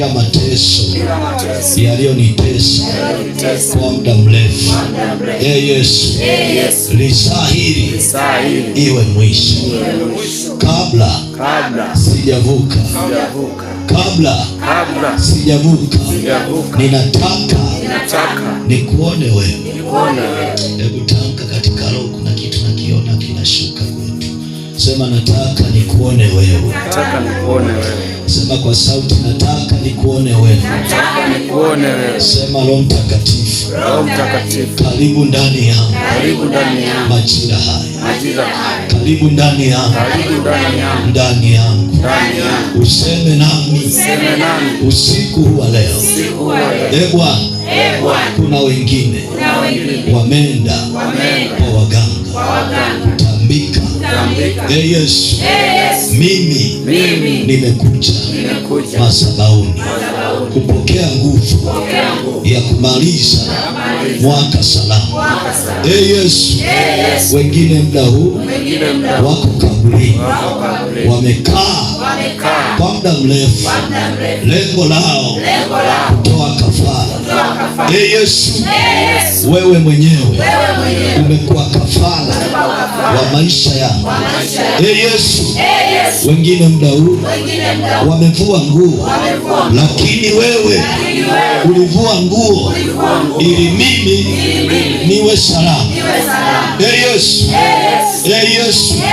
kila mateso yaliyonitesa kwa muda mrefu. Ee Yesu, lisaa hili iwe mwisho, kabla sijavuka, kabla sijavuka, ninataka nikuone wewe. Hebu tamka katika roho, kuna kitu nakiona kinashuka kwetu. Sema, nataka nikuone wewe. Sema kwa sauti, nataka nikuone wewe. Nataka nikuone wewe. Sema Roho Mtakatifu. Roho Mtakatifu. Karibu ndani yangu. Karibu ndani yangu. Majira haya. Majira haya. Karibu ndani yangu. Karibu ndani yangu. Ndani yangu. Ndani yangu. Useme nami. Useme nami. Usiku wa leo. Usiku wa leo. Ee Bwana. Ee Bwana. Kuna wengine. Kuna wengine. Wameenda. Wameenda. Kwa waganga. Kwa waganga. Kutambika. Kutambika. Ee Yesu. Ee Yesu mimi, nimekuja madhabahuni kupokea nguvu ya kumaliza mwaka salama. E Yesu, ee wengine muda huu wako kaburini, wamekaa kwa muda mrefu, lengo lao kutoa kafara. E Yesu, wewe mwenyewe umekuwa kafara wa maisha ya E Yesu, wengine muda huu wamevua nguo, lakini wewe ulivua nguo ili mimi niwe salama. E Yesu, e Yesu.